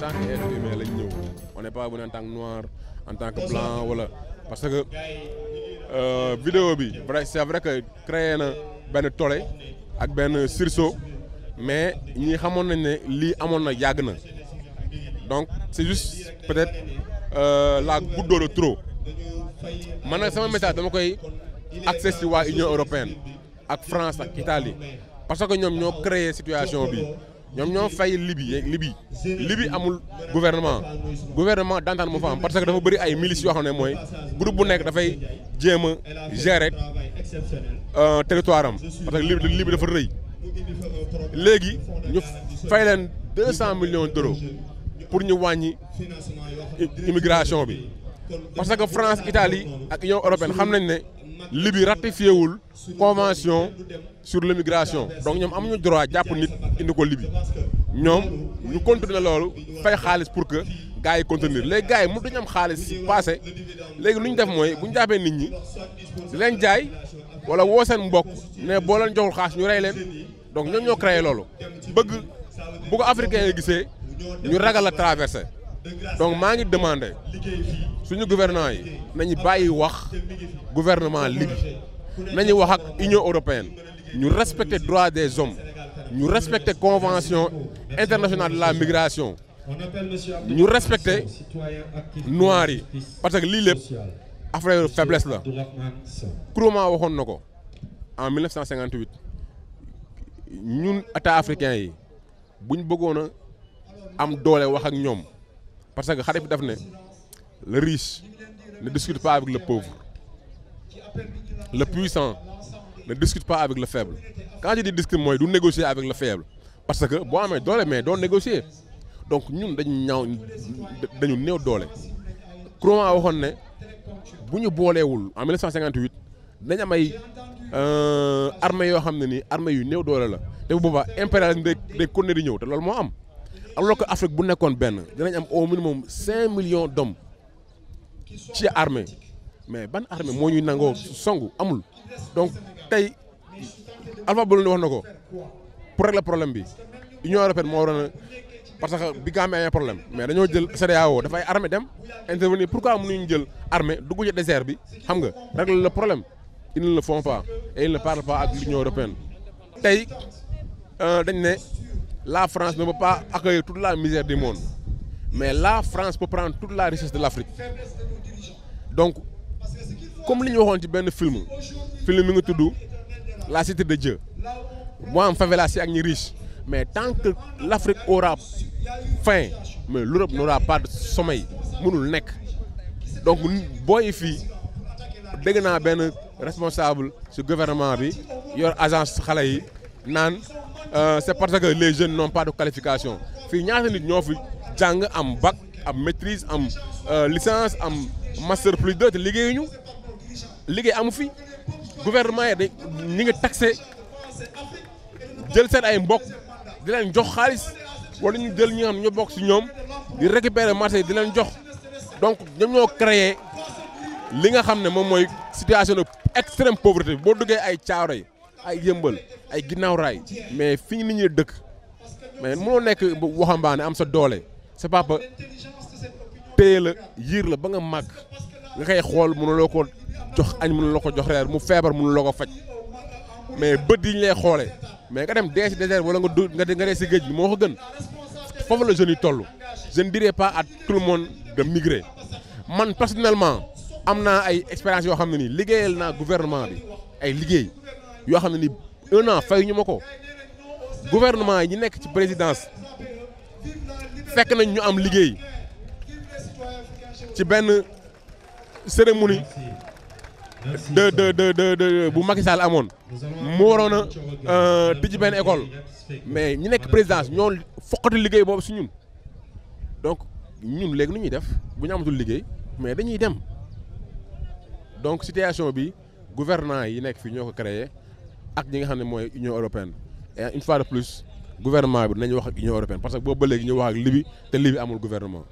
tant que être humain lañ ñëw on n'est pas venu en tan que noir en tant que blanc wala parce que euh, vidéo bi vrai c'est vrai que créer na benn tole ak benn sursaut mais ñii xamoon nañ ne lii amoon na yàgg na donc c'est juste peut-être euh, la goutte de trop man nag sama message dama koy access ci waa Union européenne ak France ak Italie parce que ñoom ñoo créer situation bi ñoom ñoo fay libi yeeg Libye Libye amul gouvernement gouvernement d'entente mu fa am parce que dafa bëri ay milices yoo xam ne mooy groupe bu nekk dafay jéem a gérer euh, territoire am parce que Libye Libye dafa rëy léegi ñu fay leen deux cent millions d'euros pour ñu wàññi immigration bi parce que France Italie ak Union européenne xam nañ ne libi ratifié wul convention sur l'immigration donc ñoom amuñu droit jàpp nit indi ko Libye ñoom ñu continuer loolu fay xaalis pour que gars yi contenir léegi gars yi mu duñu am xaalis passé léegi lu ñu def mooy bu ñu nit ñi di leen jaay wala woo seen mbokk ne boo leen joxul xaas ñu rey leen donc ñoom ñoo créé loolu bëgg bu ko africain yi gisee ñu ragal a traversé donc maa ngi demandé suñu gouvernants yi nañu bàyyi wax gouvernement Libye nañu wax ak Union européenne ñu respecter droit des hommes ñu respecter convention internationale de la migration ñu respecter noirs yi parce que lii lépp affaire faiblesse la Nkrumah waxoon na ko en 1958 ñun état africain yi buñ bëggoon a am doole wax ak ñoom parce que xarit bi daf ne. le riche ne discute pas avec le pauvre le puissant ne discute pas avec le faible quand je discute mooy du négocier avec le faible parce que boo amee doole mais doo négocier donc ñun dañu ñaaw dañu néew doole Kourouma waxoon ne bu ñu booleewul en 1958 dañ am ay euh, armée yoo xam ne ni armée yu néew doole la te bu boobaa impérialisme day day continuer di ñëw te loolu moo am alors que Afrique bu nekkoon benn danañ am au minimum 5 millions d'hommes ci armée mais ban armée moo ñuy nangoo songu amul donc tey Alpha Blondy wax na ko pour régler problème bi Union européenne moo waroon parce que bi nga amee problème mais dañoo jël CEDEAO dafay armée dem pour mu pourquoi ñu jël armée dugg ci désert bi xam nga régler le problème ils ne le pa pas et ils ne parlent tey euh, dañ ne la France ne peut pas accueillir toute la misère du monde mais la France peut prendre toute la richesse de l'Afrique donc comme li ñu waxoon ci benn film film mi ngi tudd la cité de Dieu moo am favelas yi ak ñi riche mais tant que l' Afrique aura faim mais l' Europe n'aura pas de sommeil mënul nekk donc booy fii dégg naa benn responsable ci gouvernement bi yor agence xale yi naan euh, c' est parce que les jeunes n'ont pas de qualification fii ñaata nit ñoo fi jàng am bac am maîtrise am euh, licence am. master plus deux te liggéeyuñu liggéey amu fi gouvernement yi dañ ñu ngi taxé jël seen ay mbokk di leen jox xaalis walla ñu jël ñi nga xam ñu bokk si ñoom di récupérer marché di leen jox donc ñoom ñoo créé li nga xam ne moom mooy situation de extrême pauvreté boo duggee ay caaro yi ay yëmbal ay ginnaaw raay mais fi nit ñi dëkk mais mënoo nekk waxambaane am sa doole sa papa téye la yiir la ba nga màgg nga koy xool mënuloo ko jox añ mënuloo ko jox mu feebar mënuloo ko faj mais bët yi lay xoolee mais nga dem dee si wala nga du nga dee si géej bi moo ko gën foofu la jeunes yi toll je ne dirais pas à le monde de migrer man personnellement am naa ay expérience yoo xam ne nii liggéeyal naa gouvernement bi ay liggéey yoo xam ne nii un fay ñu ma ko gouvernement yi ñu nekk ci présidence fekk nañ ñu am liggéey ci benn cérémonie de de de de bu Macky Sall amoon mu waroon a euh, tijji benn école mais ñu nekk présidence ñoo foqati liggéey boobu si ñun donc ñun léegi nu ñuy def bu ñu amatul liggéey mais dañuy dem donc situation bi gouvernants yi nekk fii ñoo ko créé ak ñi nga xam ne mooy Union européenne et fois de plus gouvernement bi nañu wax ak Union européenne parce que boobu ba léegi ñu wax ak Libye te Libye amul gouvernement.